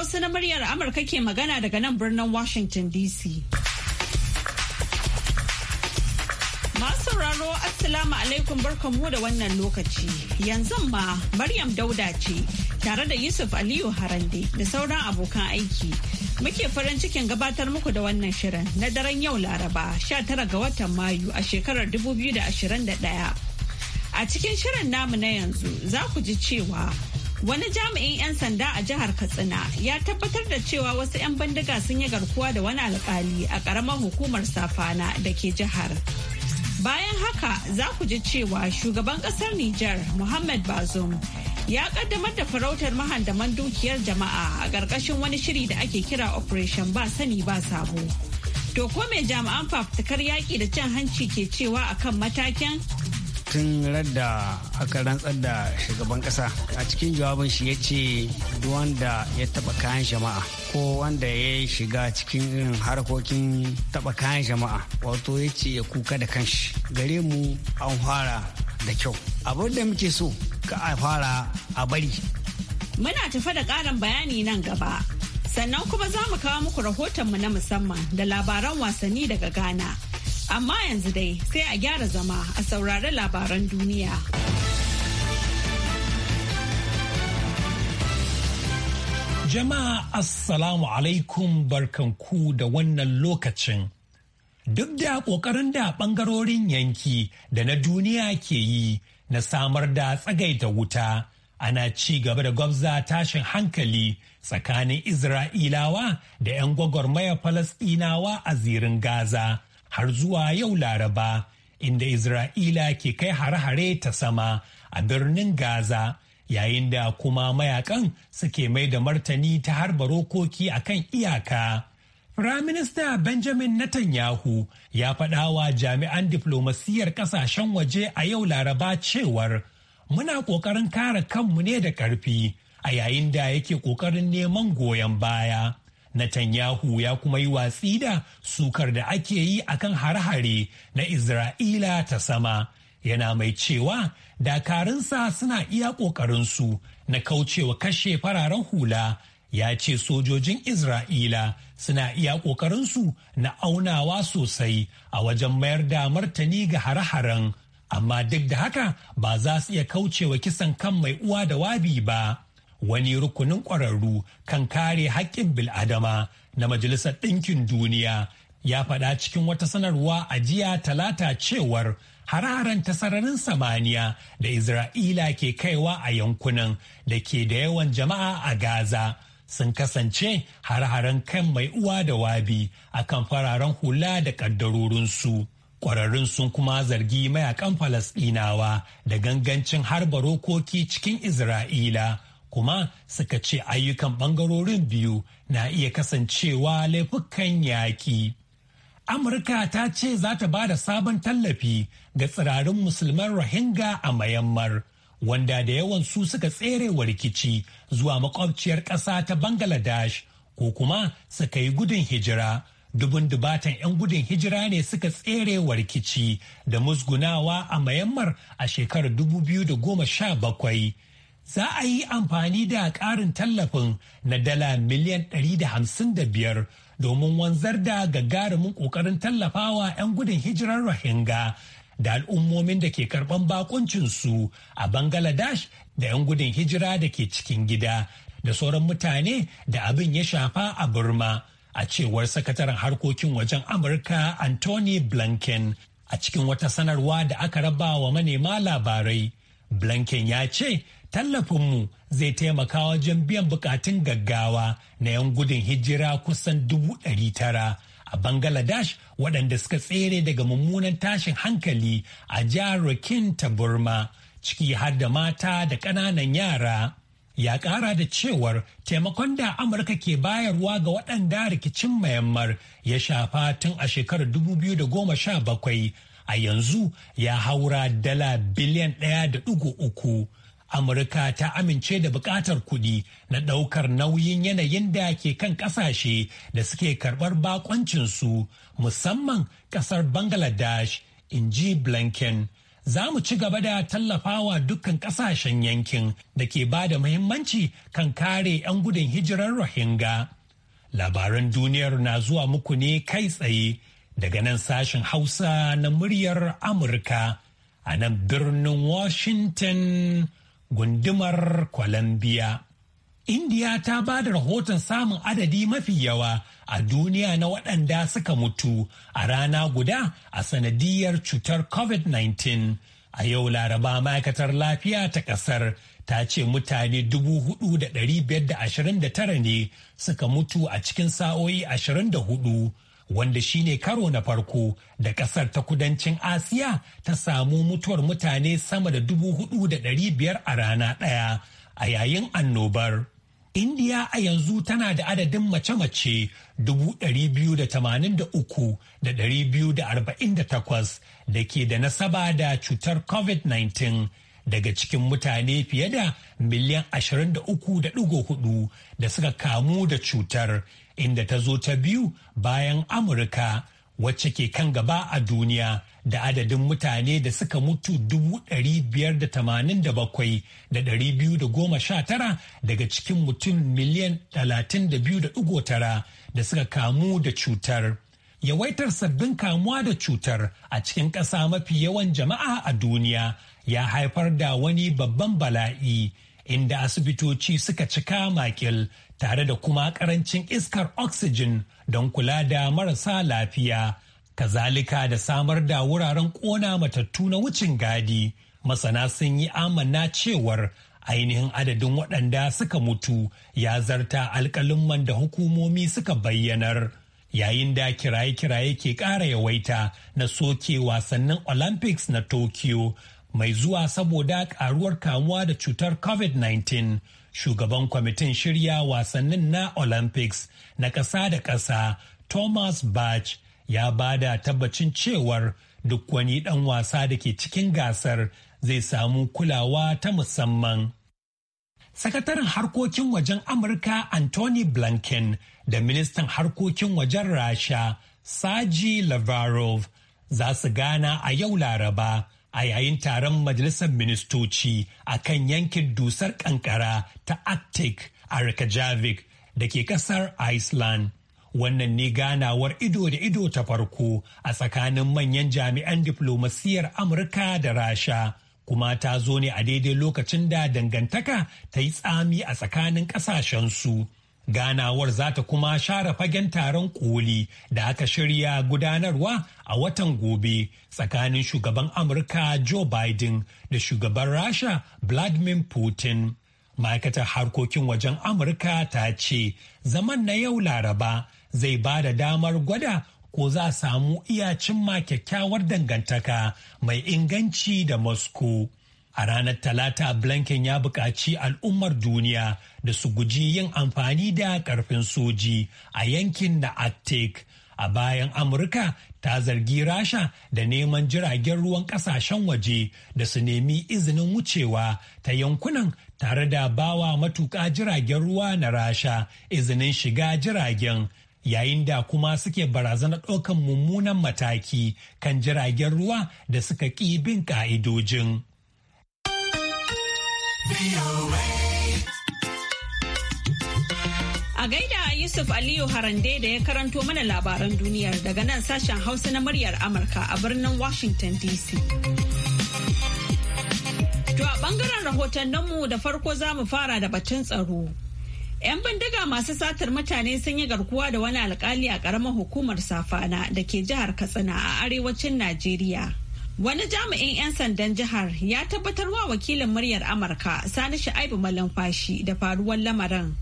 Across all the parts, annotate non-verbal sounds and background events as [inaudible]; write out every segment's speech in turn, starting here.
Hausa na muryar Amurka ke magana daga nan birnin Washington DC. Masu sauraro Assalamu alaikum barkanmu da wannan lokaci. Yanzu ma Maryam Dauda ce tare da Yusuf Aliyu Harande da sauran abokan aiki. Muke farin cikin gabatar muku da wannan shirin na daren yau Laraba 19 ga watan Mayu a shekarar 2021. A cikin shirin namu na yanzu za ku ji cewa Wani jami'in 'yan sanda a jihar Katsina ya tabbatar da cewa wasu 'yan bindiga sun yi garkuwa da wani alkali a ƙaramar hukumar safana da ke jihar. Bayan haka za ku ji cewa shugaban ƙasar Nijar Muhammad Bazoum ya kaddamar da farautar mahandaman dukiyar jama'a a ƙarƙashin wani shiri da ake kira Operation ba sani ba sabo. To ko mai jami'an fafutukar yaƙi da cin hanci ke cewa akan matakin tun radda aka rantsar da shugaban kasa a cikin jawabin shi ya ce wanda ya taba kayan jama'a ko wanda ya shiga cikin irin harkokin taba kayan jama'a wato ya ce ya kuka da kanshi gare mu an fara da kyau abin da muke so ka a fara a bari muna tafa da ƙarin bayani nan gaba sannan kuma za mu kawo muku rahotonmu na musamman da labaran wasanni daga ghana Amma yanzu dai sai a gyara zama a saurari labaran duniya. Jama'a Assalamu alaikum barkanku da wannan lokacin. Duk da ƙoƙarin da ɓangarorin yanki da na duniya ke yi na samar da tsagaita wuta, ana ci gaba da gwabza tashin hankali tsakanin Isra'ilawa da 'yan gwagwarmaya Falasɗinawa a zirin Gaza. har zuwa yau Laraba, inda Isra'ila ke kai hare-hare ta sama a birnin Gaza, yayin da kuma mayakan suke mai da martani ta harba rokoki a kan iyaka. Firaminista Benjamin Netanyahu ya faɗawa jami'an diflomasiyyar ƙasashen waje a yau Laraba cewar muna ƙoƙarin kare kanmu ne da ƙarfi a yayin da yake ƙoƙarin neman goyon baya. Netanyahu ya kuma yi watsi da sukar da ake yi akan hare-hare na Isra'ila ta sama. Yana mai cewa dakarunsa suna iya ƙoƙarinsu na kaucewa kashe fararen hula ya ce sojojin Isra'ila suna iya ƙoƙarinsu na aunawa sosai a wajen mayar da martani ga hare-haren, amma duk da haka ba za su iya kaucewa kisan kan mai uwa da wabi ba. wani rukunin ƙwararru kan kare haƙƙin bil'adama na Majalisar Ɗinkin Duniya ya faɗa cikin wata sanarwa a jiya talata cewar hararen tasararin sararin samaniya da Isra'ila ke kaiwa a yankunan da ke da yawan jama'a a Gaza sun kasance hare kan mai uwa da wabi a kan fararen hula da ƙaddarorinsu. Ƙwararrun sun kuma zargi mayakan Falasɗinawa da gangancin harba rokoki cikin Isra'ila. kuma suka ce ayyukan ɓangarorin biyu na iya kasancewa laifukan yaƙi. Amurka ta ce za ta ba da sabon tallafi ga tsirarin musulman Rohingya a Mayammar, wanda da yawan su suka tsere wa rikici zuwa makwabciyar ƙasa ta Bangladesh ko kuma suka yi gudun hijira. Dubun dubatan 'yan gudun hijira ne suka tsere wa rikici da musgunawa a Mayammar a shekarar 2017. za a yi amfani da ƙarin tallafin na dala miliyan 155 domin wanzar da gagarumin ƙoƙarin tallafawa 'yan gudun hijirar Rohingya da al'ummomin da ke karɓan bakuncinsu a Bangaladesh da 'yan gudun hijira da ke cikin gida da sauran mutane da abin ya shafa a Burma. A cewar sakataren harkokin wajen Amurka Anthony Blanken. a cikin wata sanarwa da aka rabawa manema labarai. Blanken ya ce tallafinmu zai taimaka wajen biyan bukatun gaggawa na 'yan gudun hijira kusan dubu ɗari tara a Bangladesh waɗanda suka tsere daga mummunan tashin hankali a jihar Rakhine ta Burma ciki har da mata da ƙananan yara. Ya ƙara da cewar taimakon da Amurka ke bayarwa ga waɗanda rikicin mayammar ya shafa tun a shekarar dubu biyu da goma sha bakwai a yanzu ya haura dala biliyan ɗaya da uku. Amurka ta amince da buƙatar kuɗi na ɗaukar nauyin yanayin da ke kan ƙasashe da suke karɓar bakoncinsu musamman ƙasar Bangladesh, in ji Blinken. Za mu ci gaba da tallafawa dukkan ƙasashen yankin da ke ba da muhimmanci kan kare 'yan gudun hijirar Rohingya. Labaran duniyar na zuwa muku ne kai tsaye daga nan sashen Hausa na muryar Amurka a nan birnin Washington. gundumar kolambiya Indiya ta ba da rahoton samun adadi mafi yawa a duniya na waɗanda suka mutu a rana guda a sanadiyar cutar COVID-19. A yau Laraba ma'aikatar lafiya ta ƙasar ta ce mutane 4,529 ne suka mutu a cikin sa'o'i 24. wanda shine karo na farko da kasar ta kudancin asiya ta samu mutuwar mutane sama da dubu hudu da dari biyar a rana ɗaya a yayin annobar indiya a yanzu tana da adadin mace-mace dubu ɗari biyu da tamanin da uku da ɗari biyu da arba'in da takwas da ke da nasaba da cutar covid-19 daga cikin mutane fiye da miliyan 23.4 da suka kamu da cutar inda ta zo ta biyu bayan Amurka wacce ke kan gaba a duniya da adadin mutane da suka mutu 587,219 daga cikin mutum miliyan 32.9 da suka kamu da cutar. Yawaitar sabbin kamuwa da cutar a cikin ƙasa mafi yawan jama'a a duniya ya haifar da wani babban bala'i. inda asibitoci suka cika makil tare da kuma karancin iskar oxygen don kula da marasa lafiya kazalika da samar da wuraren kona matattu na wucin gadi masana sun yi amanna cewar ainihin adadin waɗanda suka mutu ya zarta alƙalin da hukumomi suka bayyanar yayin da kiraye-kiraye ke ƙara yawaita na soke wasannin olympics na tokyo mai zuwa saboda karuwar kamuwa da cutar covid-19 shugaban kwamitin shirya wasannin na olympics na ƙasa da ƙasa thomas bach ya ba da tabbacin cewar duk wani ɗan wasa da ke cikin gasar zai samu kulawa ta musamman sakataren harkokin wajen amurka anthony blinken da ministan harkokin wajen rasha saji lavarov za su gana a yau laraba a yayin taron majalisar ministoci a kan yankin dusar kankara ta arctic a reykjavik da ke kasar iceland wannan ne ganawar ido da ido ta farko a tsakanin manyan jami'an diflomasiyyar amurka da rasha kuma ta zo ne a daidai lokacin da dangantaka ta yi tsami a tsakanin ƙasashensu. ganawar za ta kuma share fagen taron koli da aka shirya gudanarwa a watan gobe tsakanin shugaban amurka joe biden da shugaban rasha vladimir putin ma'aikatar harkokin wajen amurka ta ce zaman na yau laraba zai ba da damar gwada ko za a samu iya cimma kyakkyawar dangantaka mai inganci da moscow A ranar Talata Blanken ya buƙaci al'ummar duniya da su guji yin amfani da ƙarfin soji a yankin na Arctic. A bayan Amurka ta zargi Rasha da neman jiragen ruwan ƙasashen waje da su nemi izinin wucewa ta yankunan tare da bawa matuƙa jiragen ruwa na Rasha izinin shiga jiragen yayin da kuma suke barazana ɗaukan mummunan mataki kan jiragen ruwa da suka ƙi bin ƙa'idojin. A gaida Yusuf Aliyu Harande da ya karanto mana labaran duniyar daga nan sashen Hausa na muryar Amurka a birnin Washington DC. To a bangaren rahotanninmu da farko za mu fara da batun tsaro. 'Yan bindiga masu satar mutane sun yi garkuwa da wani alkali a ƙaramar hukumar safana da ke jihar Katsina a arewacin Najeriya. Wani jami'in 'yan sandan jihar ya tabbatar wa wakilin muryar Amurka Sani Sha'ibu Malamfashi da faruwar lamarin.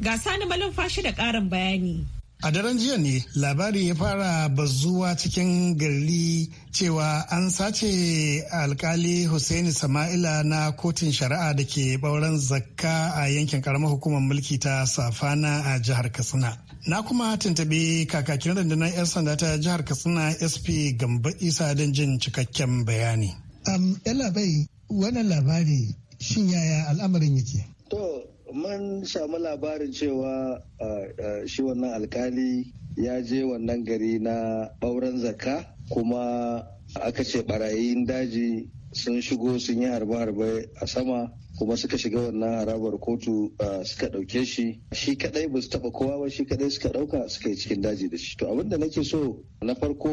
Ga Sani Malamfashi da ƙarin bayani. A daren jiya ne labari ya fara bazuwa cikin gari cewa an sace alkali Hussaini Sama'ila na kotun shari'a da ke bauren zakka a yankin karamar hukumar mulki ta Safana a jihar Katsina. Na kuma tuntuɓi kakakin rundunar 'yan sanda ta jihar Katsina SP Gamba Isa don jin cikakken bayani. Um, labai wannan labari shin yaya al'amarin yake? To, mun samu labarin cewa uh, uh, shi wannan alkali ya je wannan gari na auren zakka kuma aka ce barayin daji sun shigo sun yi harbe-harbe a sama kuma suka shiga wannan harabar kotu suka ɗauke shi shi kadai ba su taɓa kowa ba shi kadai suka ɗauka suka yi cikin daji da shi to abin da nake so na farko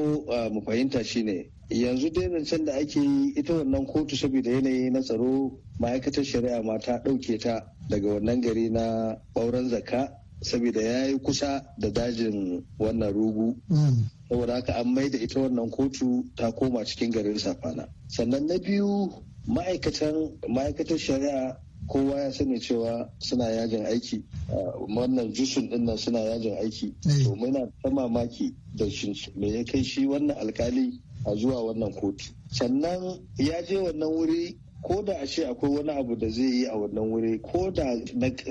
mu fahimta shine yanzu dai zancen da ake yi ita wannan kotu saboda yanayi na tsaro ma'aikatar shari'a ma ta ɗauke ta daga wannan gari na bauren zaka, saboda ya yi kusa da dajin wannan rugu mm. saboda haka an da ita wannan kotu ta koma cikin garin safana sannan na biyu ma'aikatan ma'aikatar shari'a kowa ya sani cewa suna yajin aiki ah, wannan jusun din nan suna yajin aiki domin eh. muna ta mamaki da me ya kai shi wannan alkali a zuwa wannan kotu sannan ya je wannan wuri ko da a ce akwai wani abu da zai yi a wannan wuri ko da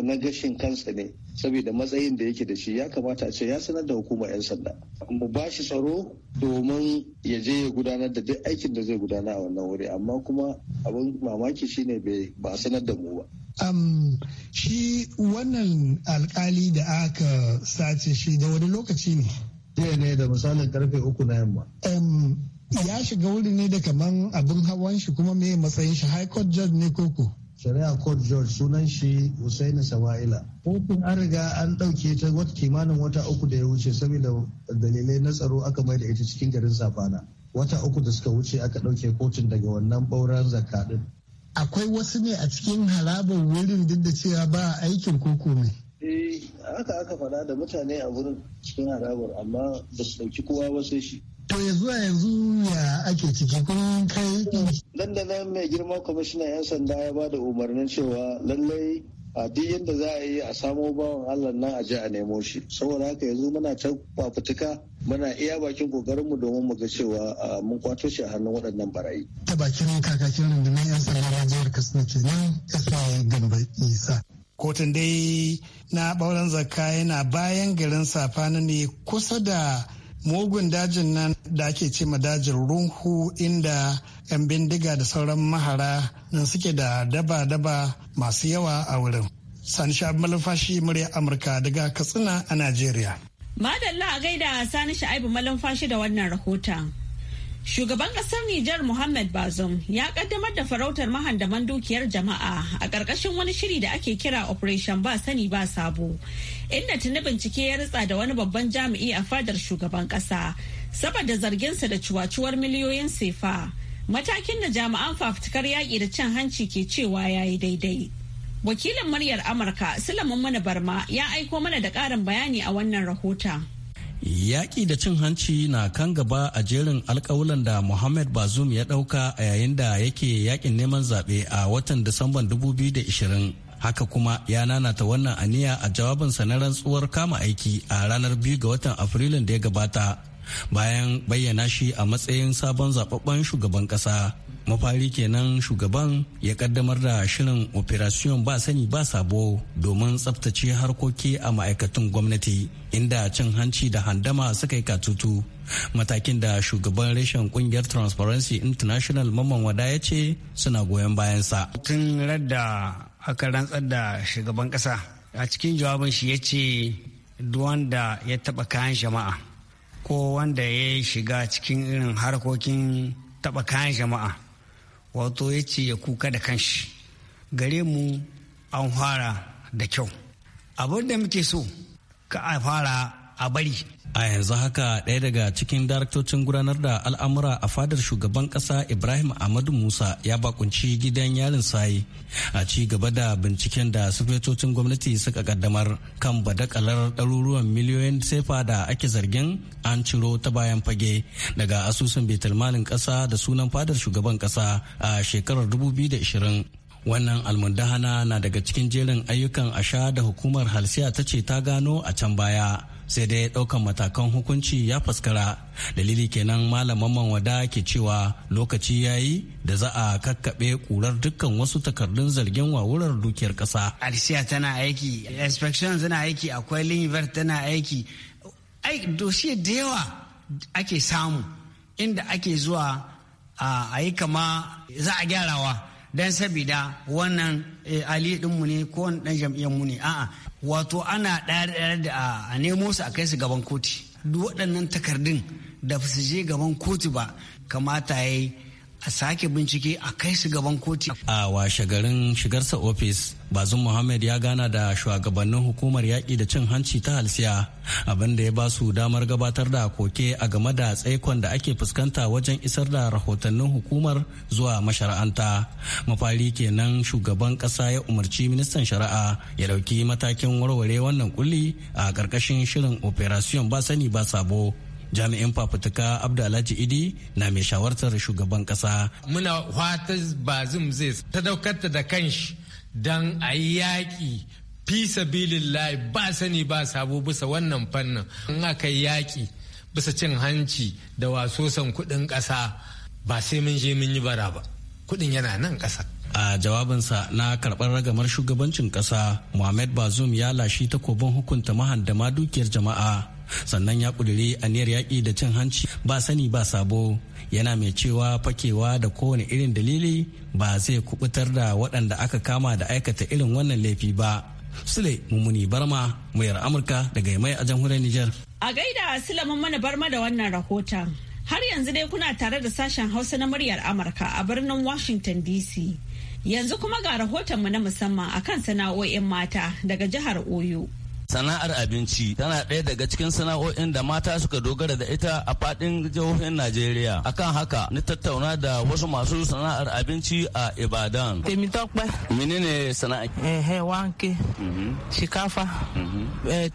na gashin kansa ne saboda matsayin da yake da shi ya kamata a ce ya sanar da hukuma 'yan sanda mu ba shi tsaro domin ya je ya gudanar da duk aikin da zai gudana a wannan wuri amma kuma abin mamaki shine ba sanar da mu ba um, shi wannan alkali da aka sace shi da wani lokaci ne jiya ne da misalin karfe uku na yamma ya shiga wuri ne da kaman abin hawan shi kuma mai matsayin shi high court judge ne koko shari'a court judge sunan shi Usaini Sama'ila. Kotun an riga an ɗauke ta wata kimanin wata uku da ya wuce saboda dalilai na tsaro aka mai da ita cikin garin Safana. Wata uku da suka wuce aka ɗauke kotun daga wannan ɓauren zakka ɗin. Akwai wasu ne a cikin harabar wurin duk da cewa ba aikin koko ne. Eh, haka aka faɗa da mutane a wurin cikin harabar amma ba su ɗauki kowa wasu shi. To ya zuwa yanzu ya ake ciki kun kai. Dandanan mai girma kwamishinan 'yan sanda ya ba da umarnin cewa lallai a duk yadda za a yi a samo bawan Allah nan a je a nemo shi saboda haka yanzu muna ta fafutuka muna iya bakin kokarinmu domin mu ga cewa mun kwato shi a hannun waɗannan barayi. Ta bakin kakakin rundunar 'yan sanda jihar Katsina nan Ismail Gamba Isa. Kotun dai na ɓauren zakka yana bayan garin Safana ne kusa da mugun dajin nan da ake ce ma dajin runhu inda 'yan bindiga da sauran mahara nan suke da daba-daba masu yawa a wurin. Sani Sha'ab Malumfashi murya Amurka daga Katsina a Najeriya. Madalla a gaida Sani Sha'aibu Malumfashi da wannan rahoton. Shugaban ƙasar Nijar Muhammad Bazoum ya ƙaddamar da farautar mahandaman dukiyar jama'a a ƙarƙashin wani shiri da ake kira Operation ba sani ba sabo, inda tuni bincike ya ritsa da wani babban jami'i a fadar shugaban ƙasa, saboda zarginsa da cuwacuwar miliyoyin sefa. Matakin da jami'an fafutukar yaƙi da cin hanci ke cewa ya yi daidai. Wakilin muryar Amurka Sulaiman Mana Barma ya aiko mana da ƙarin bayani a wannan rahoton. Yaƙi da cin hanci na kan gaba a jerin alkawulan da Muhammad Bazoum ya ɗauka a yayin da yake yaƙin neman zaɓe a watan Disamban 2020. Haka kuma ya nanata wannan aniya a jawabinsa na rantsuwar kama aiki a ranar 2 ga watan Afrilun da ya gabata bayan bayyana shi a matsayin sabon zababben shugaban ƙasa mafari kenan shugaban ya kaddamar da shirin operation ba sani ba sabo domin tsabtace harkoki a ma'aikatan gwamnati inda cin hanci da handama suka yi katutu matakin da shugaban reshen kungiyar transparency international mamman wada ya ce suna goyon bayansa tun radda aka rantsar da shugaban kasa a cikin jawabin shi ya ce duwanda ya taba kayan jama'a ko wanda ya shiga cikin irin harkokin taɓa kayan jama'a wato ya ce ya kuka da kanshi gare mu an fara da kyau abin da muke so ka fara a bari a yanzu haka ɗaya daga cikin daraktocin gudanar da al'amura a fadar shugaban ƙasa ibrahim ahmadu musa ya bakunci gidan yarin sayi a ci gaba da binciken da sufetocin gwamnati suka kaddamar kan badakalar ɗaruruwan miliyoyin sefa da ake zargin an ciro ta bayan fage daga asusun betulmanin ƙasa da sunan fadar shugaban ƙasa a shekarar 2020 wannan almundahana na daga cikin jerin ayyukan asha da hukumar halsiya ta ce ta gano a can baya sai dai ɗaukan matakan hukunci ya faskara dalili kenan malaman wada ke cewa lokaci ya yi da za a kakkaɓe ƙurar dukkan wasu takardun zargin wawurar dukiyar ƙasa. alisiya tana aiki inspection tana aiki akwai linivar tana aiki ai doshe da yawa ake samu inda ake zuwa a yi kama za a gyarawa don sabida wannan eh, ali dinmu ne ko wani dan mu ne a'a wato ana ɗaya da a nemo su a kai su gaban koti duk waɗannan takardun da su je gaban koti ba kamata ya yi a sake bincike a kai su gaban koti. A washe garin shigarsa ofis, bazin Mohammed ya gana da shugabannin hukumar yaƙi da cin hanci ta halsiya, abin da ya ba su damar gabatar da koke a game da tsaikon da ake fuskanta wajen isar da rahotannin hukumar zuwa mashara'anta. Mafari kenan shugaban ƙasa ya umarci ministan shari'a ya ɗauki matakin warware wannan kulli a ƙarƙashin shirin operation ba sani ba sabo. jami'in fafutuka abdullahi idi na mai shawartar shugaban kasa muna wata bazum zai ta da kanshi don a yi yaƙi bilin sabilillahi ba sani ba sabo bisa wannan fannin in aka yi yaƙi bisa cin hanci da wasosan kuɗin ƙasa ba sai mun je mun yi bara ba kuɗin yana nan ƙasa a jawabinsa na karɓar ragamar shugabancin ƙasa muhammad Bazum ya lashi takobin hukunta mahandama dukiyar jama'a sannan ya a aniyar yaƙi da cin hanci ba sani ba sabo yana mai cewa fakewa da kowane irin dalili ba zai kubutar da waɗanda aka kama da aikata irin wannan laifi ba sule mummuni barma muyar amurka daga mai a jamhuriyar nijar. a gaida sule mummuni barma da wannan rahoton har yanzu dai kuna tare da sashen hausa na muryar amurka a birnin washington dc Yanzu kuma ga rahoton rahotonmu na musamman akan sana'o'in mata daga jihar Oyo. sana'ar abinci tana ɗaya daga cikin sana'o'in da mata suka dogara da ita a faɗin jihohin Najeriya. Akan haka ni tattauna da wasu masu sana'ar abinci a Ibadan. Temi Tokpe. Menene sana'a? Eh, wanke. Shikafa.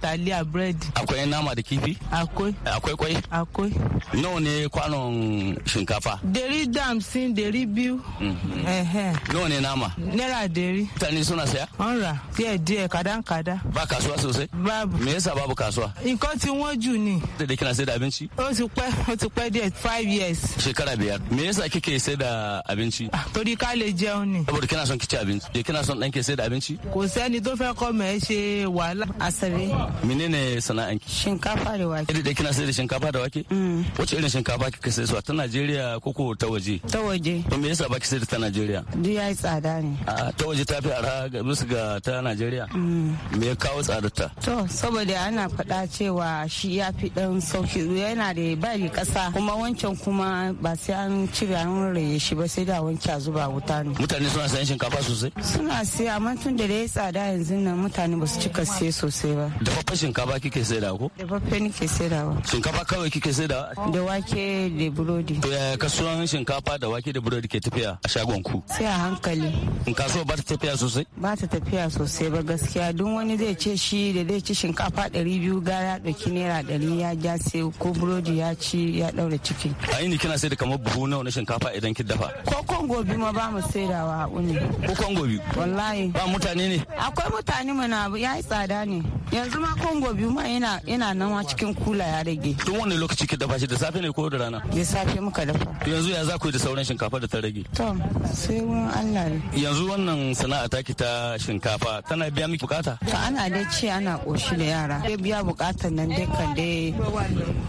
Taliya bread. Akwai nama da kifi? Akwai. Akwai kwai? Akwai. Nawa ne kwanon shinkafa? deri da hamsin, deri biyu. Nawa ne nama? Naira deri. Mutane suna saya? An ra. Diya diya kada kada. Ba kasuwa sosai. sosai babu me yasa babu kasuwa nǹkan ti wọ́n jù ni da da kina sai da abinci O ti pẹ́ o ti pẹ́ díẹ̀ five years shekara biyar me yasa kike sai da abinci ah, torí ká lè jẹun ni saboda kina son kici abinci je kina son danke sai da abinci kò sẹ́ni tó fẹ́ kọ́ mẹ́ ṣe wàhálà asabe menene sana'an ki? shinkafa da wake da kina sai da shinkafa da wake mm. wace irin shinkafa kika sai su ta Najeriya ko ko ta waje ta waje to me yasa baki sai da ta Najeriya duk yayi tsada ne a ta waje ta fi ara bisa ga ta Najeriya mm. me ya kawo tsadarta? To saboda ana faɗa cewa shi ya fi ɗan sauki yana da bari ƙasa kuma wancan kuma ba sai an cire an raye shi ba sai da wanke a zuba wuta ne. Mutane suna sayan shinkafa sosai? Suna siya amma tun da ya tsada yanzu nan mutane ba su cika siye sosai ba. Dafaffen shinkafa kike da ko? Dafaffe da saidawa. Shinkafa kawai kike saidawa? Da wake da burodi. To yaya kasuwan shinkafa da wake da burodi ke tafiya a shagon ku? Sai a hankali. In kasuwa ba ta tafiya sosai? Ba ta tafiya sosai ba gaskiya duk wani zai ce shi da daidai ci shinkafa ɗari biyu gara ya ɗauki naira ɗari ya ja sai ko burodi ya ci ya ɗaure ciki. A ni kina sai da kamar buhu nawa na shinkafa idan ki dafa? Ko kongo biyu ma ba mu saidawa haƙu ne. Ko kongo biyu? Wallahi. Ba mutane ne? Akwai mutane mu na ya yi tsada ne. Yanzu ma kongo biyu ma yana yana nan wa cikin kula ya rage. Tun wani lokaci ki dafa shi da safe ne ko da rana? Da safe muka dafa. Yanzu ya za ku yi da sauran shinkafa da ta rage? To sai mun Allah ne. Yanzu wannan sana'a ta ta shinkafa tana biya miki bukata? To ana dai ce ana a da yara ya biya bukatar nan dukkan dai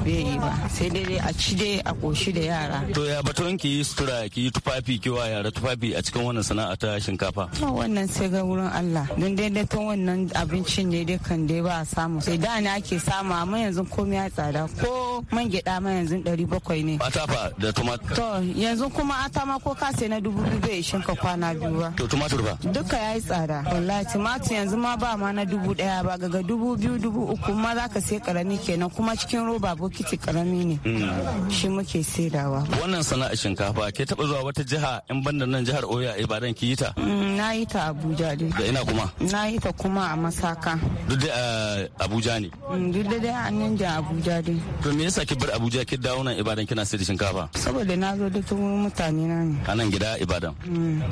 bai yi ba sai dai dai a ci dai a koshi da yara to ya baton ki yi sutura ki yi tufafi ki wa yara tufafi a cikin wannan sana'a ta shinkafa to wannan sai ga wurin Allah don daidaiton wannan abincin ne dukkan dai ba a samu sai da ne ake samu amma yanzu komai ya tsada ko man gyaɗa ma yanzu ɗari bakwai ne atafa da tumatur to yanzu kuma atama ko ka sai na dubu dubu bai shinka ka kwana biyu ba to tumatur ba duka yayi tsada wallahi tumatur yanzu ma ba ma na dubu ɗaya ba daga dubu biyu dubu uku ma za ka sai karami kenan kuma cikin roba bokiti karami ne mm. shi muke saidawa. wannan sana'a shinkafa ke taba zuwa wata jiha in banda nan jihar oya ibadan ki yi ta. Mm, na yi ta abuja dai. da ina kuma. na yi ta kuma a masaka. duk da abuja ne. Mm, duk da dai a nan jihar abuja dai. to me yasa ki bar abuja ki dawo nan ibadan kina sai da shinkafa. saboda na zo da tun mutane na ne. a nan gida ibadan.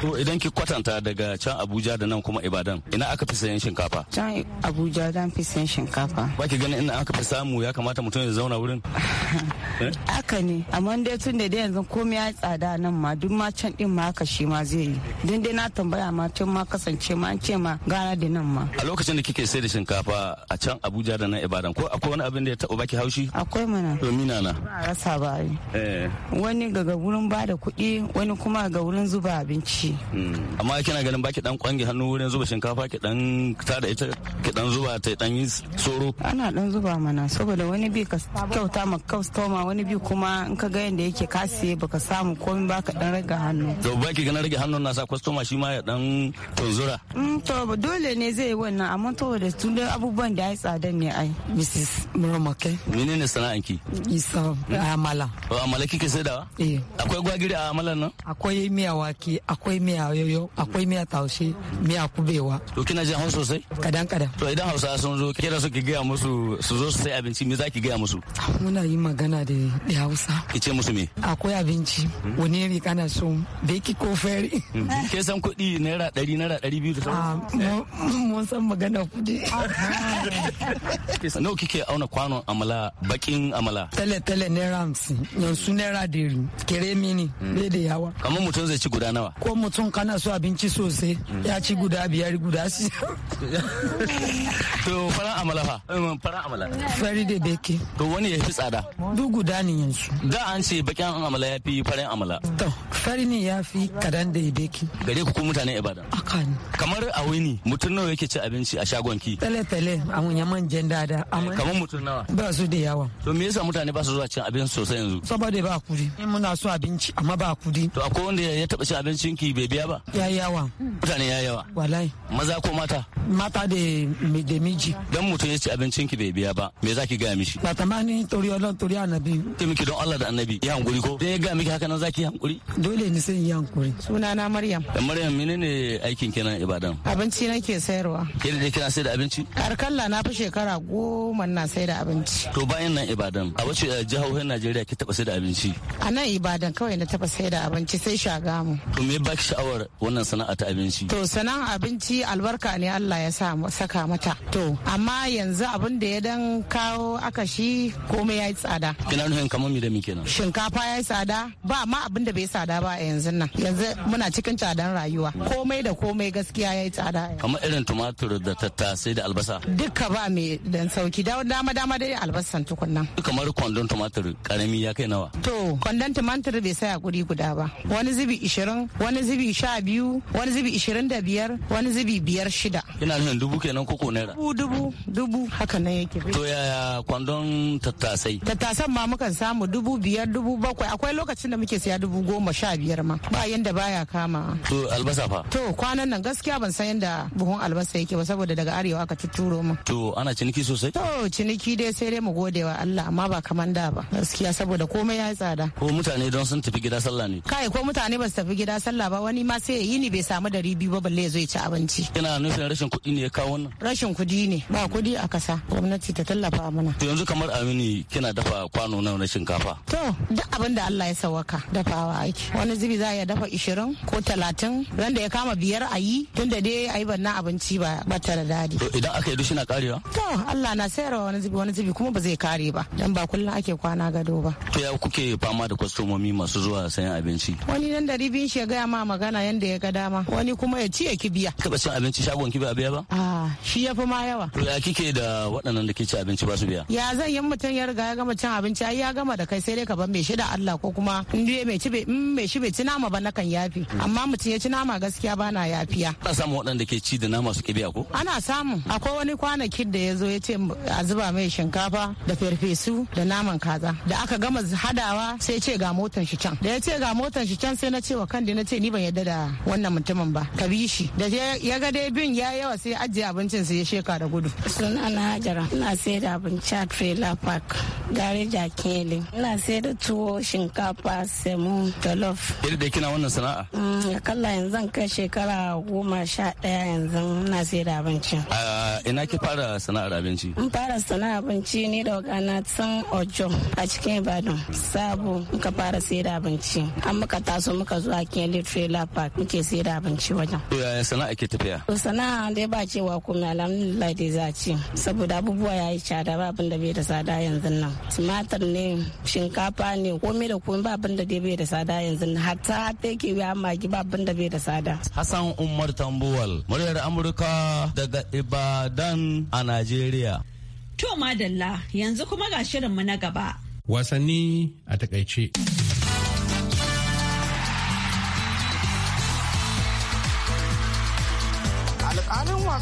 to idan ki kwatanta daga can abuja da nan kuma ibadan ina aka fi sayan shinkafa. can abuja kasuwa dan fi san shinkafa ba ki ganin inda aka fi samu ya kamata mutum ya zauna wurin [laughs] eh? haka ne amma dai tun da yanzu komai ya tsada nan ma duk ma can din ma haka shi ma zai yi Dun dai na tambaya ma tun ma kasance ma an ce ma gara da nan ma a lokacin da kike sai da shinkafa a can Abuja da nan Ibadan ko akwai wani abin da ya taɓa baki haushi akwai mana to mina na ba rasa ba eh. wani daga wurin ba da kuɗi wani kuma ga wurin zuba abinci hmm. amma kina ganin baki dan kwange hannu wurin zuba shinkafa ki dan tada ita ki dan zuba ta dan yi tsoro ana dan zuba mana saboda wani bi ka kyauta ma kastoma wani bi kuma in ka ga yanda yake ka siye baka samu komai baka dan rage hannu to baki ganin rage hannun na sa customer shi ma ya dan tunzura mm, to dole ne zai yi wannan amma to da tun abubuwan da ya tsada ne ai mrs muramake menene ki isa hmm? amala to amala kike da eh akwai gwagiri a amalan nan akwai miya waki akwai miya yoyo akwai miya taushe miya kubewa to kina jin hausa sosai kadan kadan to idan hausa hausa sun zo kira ki gaya musu su zo su sai abinci me zaki ki gaya musu muna yi magana da da hausa ki ce musu me akwai abinci hmm. wani ne kana so beki ko feri hmm. ke san kuɗi naira ɗari naira ɗari biyu da sauran ah, mun san magana kuɗi [laughs] nawa kike auna kwano amala bakin amala tale tale naira hamsin yanzu naira dari kere mini hmm. bai da yawa kamar mutum zai ci guda nawa ko mutum kana so abinci sosai ya ci guda biyar guda shi [laughs] To faran amala fa? Eh, faran amala. Fari da beki. To wani ya fi tsada? Duk guda ni yanzu. Da an ce bakin amala ya fi farin amala. To fari ne ya fi kadan da beki. Gare ku ku mutanen Ibadan. Aka ne. Kamar a wuni mutum nawa yake ci abinci a shagon ki? Tele tele a wunyan jan dada. Eh, kamar mutum nawa? Ba su da yawa. To me yasa mutane ba su zuwa cin abinci sosai yanzu? Saboda ba kudi. In muna so abinci amma ba kudi. To akwai wanda ya taɓa cin abincin ki bai biya ba? Ya yawa. Mutane ya yawa. Walai. Maza ko mata? Mata da miji dan mutum ya ce abincin ki bai biya ba me ki gaya mishi ba tamani tori Allah tori annabi ke miki don Allah da annabi ya hankuri ko dan ya gaya miki haka nan zaki hankuri dole ni sai ya hankuri sunana Maryam Maryam menene aikin nan Ibadan abinci nake sayarwa ke da kina sai da abinci karkalla na fi shekara goma na sai da abinci to bayan nan Ibadan a wace eh, jihohin Najeriya ki taba sai da abinci a nan Ibadan kawai na taba sai da abinci sai shagamu to me baki sha'awar wannan sana'a ta abinci to sana'ar abinci albarka ne Allah ya sa saka mata to amma yanzu abin da ya dan kawo aka shi komai ya yi tsada kina nufin kamar mi da mi kenan shinkafa ya yi tsada ba ma abin da bai tsada ba a yanzu nan yanzu muna cikin tsadan rayuwa komai da komai gaskiya ya yi tsada kamar irin tumatur da tattasai da albasa duka ba mai dan sauki dama dama dai albasan tukunnan kamar kwandon tumatur karami ya kai nawa to kwandon tumatur bai saya guri guda ba wani zubi ishirin wani zubi sha biyu wani zubi ishirin da biyar wani zubi biyar shida ina nufin dubu kenan koko naira dubu dubu dubu haka nan yake to yaya kwandon tattasai tattasan ma mukan samu dubu biyar dubu bakwai akwai lokacin da muke siya dubu goma sha biyar ma ba yanda baya kama to albasa fa to kwanan nan gaskiya ban san yanda buhun albasa yake ba saboda daga arewa aka tuturo mu to ana ciniki sosai to ciniki dai sai dai mu gode wa Allah amma ba kaman da ba gaskiya saboda komai ya tsada ko mutane don sun tafi gida sallah ne kai ko mutane ba su tafi gida sallah ba wani ma sai yi ni bai samu dari biyu ba balle ya ci abinci ina nufin rashin kuɗi ne ya kawo wannan rashin kuɗi kudi ne ba kudi a kasa gwamnati ta tallafa mana to yanzu kamar amini kina dafa kwano nawa na shinkafa to duk abin da Allah ya sawaka dafawa aiki wani zubi za ya dafa 20 ko 30 randa ya kama biyar a yi tun da dai ayi banna abinci ba ba tare da dadi to idan aka yi dushi na karewa to Allah na sayarwa wani zubi wani zubi kuma ba zai kare ba dan ba kullum ake kwana gado ba to ya kuke fama da kwastomomi masu zuwa sayan abinci wani nan da ribin shi ya gaya ma magana yanda ya ga dama wani kuma ya ci ya kibiya taba cin abinci shagon kibiya biya ba a ah, shi ya fi ma yawa. Ya kike da waɗannan da ke ci abinci ba su biya? Ya zan yi mutum ya riga ya gama cin abinci ai ya gama da kai sai dai ka ban mai shi da Allah ko kuma in dai mai ci mai shi bai ci nama ba nakan yafi amma mutum ya ci nama gaskiya ba na yafiya. Ana samun waɗanda ke ci da nama su ke biya ko? Ana samu akwai wani kwanakin da ya zo ya ce a zuba mai shinkafa da ferfesu da naman kaza da aka gama hadawa sai ce ga motan shi can da ya ce ga motan shi can sai na ce wa kan na ce ni ban yadda da wannan mutumin ba ka bi shi da ya ga dai bin ya yawa sai ajiye abincin sai ya tsallaka da gudu. Suna na Hajara, ina sai da abinci a Trailer Park, Gareja Kele. Ina sai da tuwo, shinkafa, semu, jollof. Yadda da kina wannan sana'a? Ya mm, kalla yanzu zan kai shekara goma sha ɗaya yanzu ina sai da abinci. Ina ki fara sana'ar abinci? In fara sana'ar abinci ne da wakana tun Ojo a cikin Ibadan. Sabo muka fara sai da abinci. An muka taso muka zuwa Kele Trailer Park muke sai da abinci wajen. sana'a ke tafiya? Sana'a dai ba cewa kuma alamun Allah dai za ci saboda abubuwa ya yi cada ba abin da bai da tsada yanzu nan tumatir ne shinkafa ne komai da komai ba abin da bai da tsada yanzu nan hatta hatta yake ya magi ba abin da bai da tsada hassan umar tambuwal muryar amurka daga ibadan a najeriya to madalla yanzu kuma ga shirinmu na gaba wasanni a takaice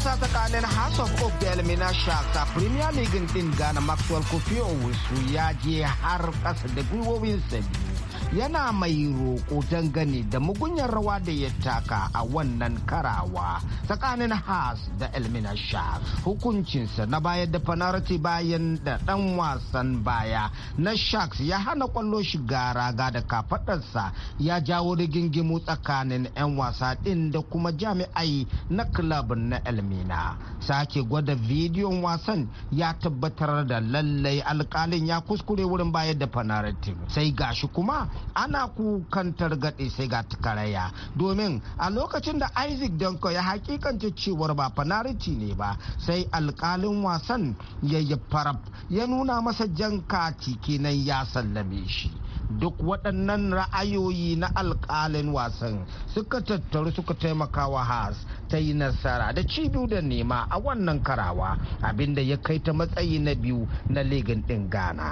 wasa tsakanin House of Oak da Elmina Sharks a Premier League din Ghana Maxwell Kofi Owusu ya je har kasa da gwiwowinsa biyu. yana mai roƙo dangane da mugunyar rawa da ya taka a wannan karawa tsakanin Haas da Elmina Shaf. Hukuncinsa na bayar da fanarati bayan da ɗan wasan baya na Sharks ya hana kwallo shiga raga da kafaɗarsa ya jawo rigingimu tsakanin 'yan wasa ɗin da kuma jami'ai na club na Elmina. Sake gwada bidiyon wasan ya tabbatar da lallai alkalin ya kuskure wurin bayar da fanarati. Sai gashi kuma ana kukan targaɗe sai ga karaya domin a lokacin da isaac danko ya hakikance cewar ba fanariti ne ba sai alkalin wasan ya yi farab ya nuna masa jan kati kenan ya sallame shi duk waɗannan ra'ayoyi na alƙalin wasan suka tattaru suka taimakawa Haas ta yi nasara da cibiyu da nema a wannan karawa abinda ya kai ta matsayi na biyu na ligin ɗin Ghana.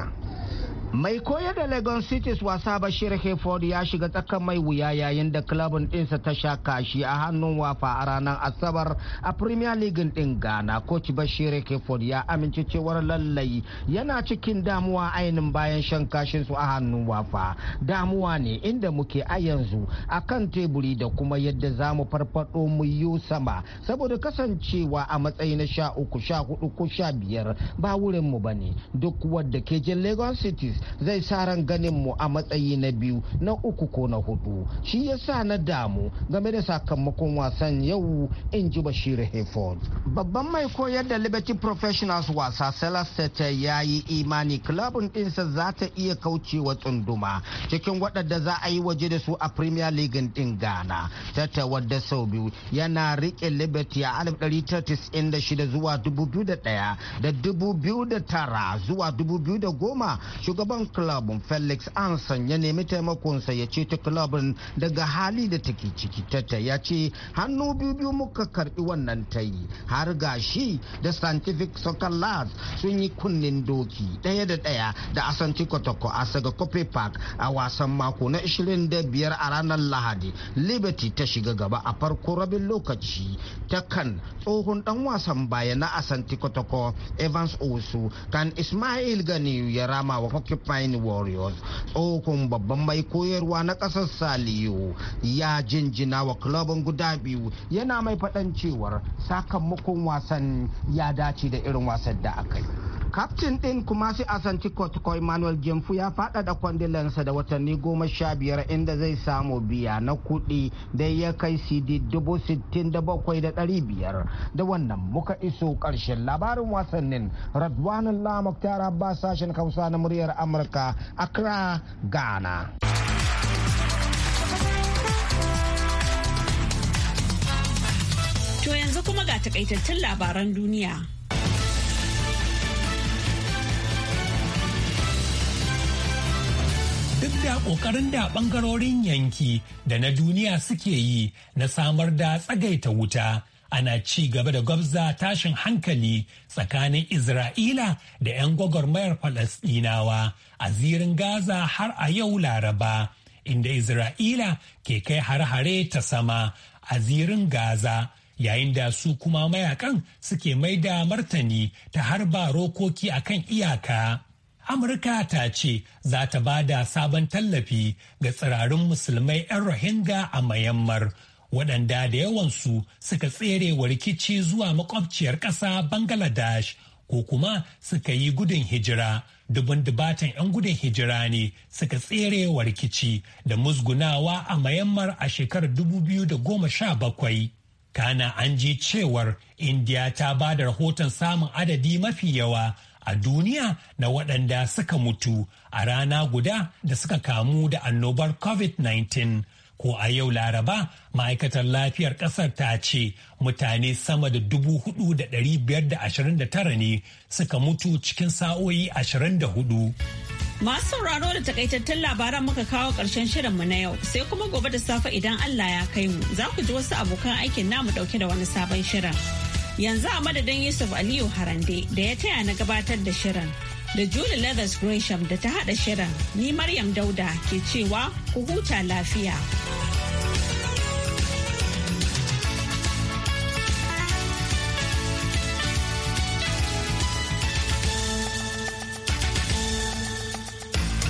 mai koya da Lagos Cities wasa Bashir Hayford ya shiga tsakan mai wuya yayin da klabin ɗinsa ta sha kashi a hannun wafa a ranar Asabar a Premier League ɗin Ghana. Coach Bashir Hayford ya amince cewar lallai yana cikin damuwa ainin bayan shan kashinsu a hannun wafa. shafa damuwa ne inda muke a yanzu a kan teburi da kuma yadda za mu farfado mu yi sama saboda kasancewa a matsayi na sha uku sha hudu ko sha biyar ba wurin mu bane duk wadda ke jin lagos cities zai sa ganin mu a matsayi na biyu na uku ko na hudu shi yasa na damu game da sakamakon wasan yau in ji bashir hefod babban mai koyar da liberty professionals wasa celeste ya yi imani club ɗinsa za ta iya kaucewa tsundu garduma cikin waɗanda za a yi waje da su a premier league din ghana ta wadda sau biyu yana rike liberty a 1996 zuwa 2001 da 2009 zuwa 2010 shugaban club felix anson ya nemi taimakonsa ya ce ta club daga hali da take ciki tata ya ce hannu biyu biyu muka karbi wannan ta yi har gashi da scientific soccer labs sun yi kunnen doki ɗaya da ɗaya da asanti kwatakwa a saga kopepa park a wasan mako na 25 a ranar lahadi liberty ta shiga gaba a farko rabin lokaci ta kan tsohon dan wasan baya na asanti kotoko evans osu kan ismail gani ya rama wa occupying warriors tsohon babban mai koyarwa na kasar saliyo ya jinjina wa kulabin guda biyu yana mai faɗan cewar sakamakon wasan ya dace da irin wasan da aka yi kaftin din kuma sai asanti kotko emmanuel gemfu ya faɗaɗa kwandilansa da watanni goma sha biyar inda zai samu biya na kuɗi da ya kai cd dubu sittin da bakwai da ɗari biyar da wannan muka iso ƙarshen labarin wasannin radwanan lamuk tara ba sashen hausa na muryar amurka accra ghana To yanzu kuma ga takaitattun labaran duniya. duk da ƙoƙarin da ɓangarorin yanki da na duniya suke yi na samar da tsagaita wuta ana ci gaba da gwabza tashin hankali tsakanin Isra'ila da 'yan gwagwarmayar Falasdinawa a zirin Gaza har a yau Laraba, inda Isra'ila ke kai har-hare ta sama a zirin Gaza. Yayin da su kuma mayakan suke mai da martani ta harba rokoki akan iyaka. Amurka ta ce za ta ba da sabon tallafi ga tsirarin musulmai 'yan Rohingya a Myanmar. waɗanda da yawansu suka tsere wa rikici zuwa makwabciyar ƙasa Bangladesh ko kuma suka yi gudun hijira. Dubun dubatan 'yan gudun hijira ne suka tsere wa rikici da musgunawa a Myanmar a shekarar 2017. Kana an ji cewar Indiya ta ba da rahoton samun adadi mafi yawa a duniya na waɗanda suka mutu a rana guda da suka kamu da annobar covid-19 ko a yau laraba ma'aikatar lafiyar ƙasar ta ce mutane sama da dubu da da da ɗari biyar ashirin tara ne suka mutu cikin sa'o'i hudu. Masu sauraro da takaitattun labaran muka kawo ƙarshen mu na yau sai kuma gobe da safe idan Allah ya kai mu za ku ji wasu abokan aikin namu ɗauke da wani sabon shirin. yanzu a madadin yusuf aliyu harande da ya taya na gabatar da shirin da julie leathers gresham da ta hada shirin ni maryam dauda ke cewa ku huta lafiya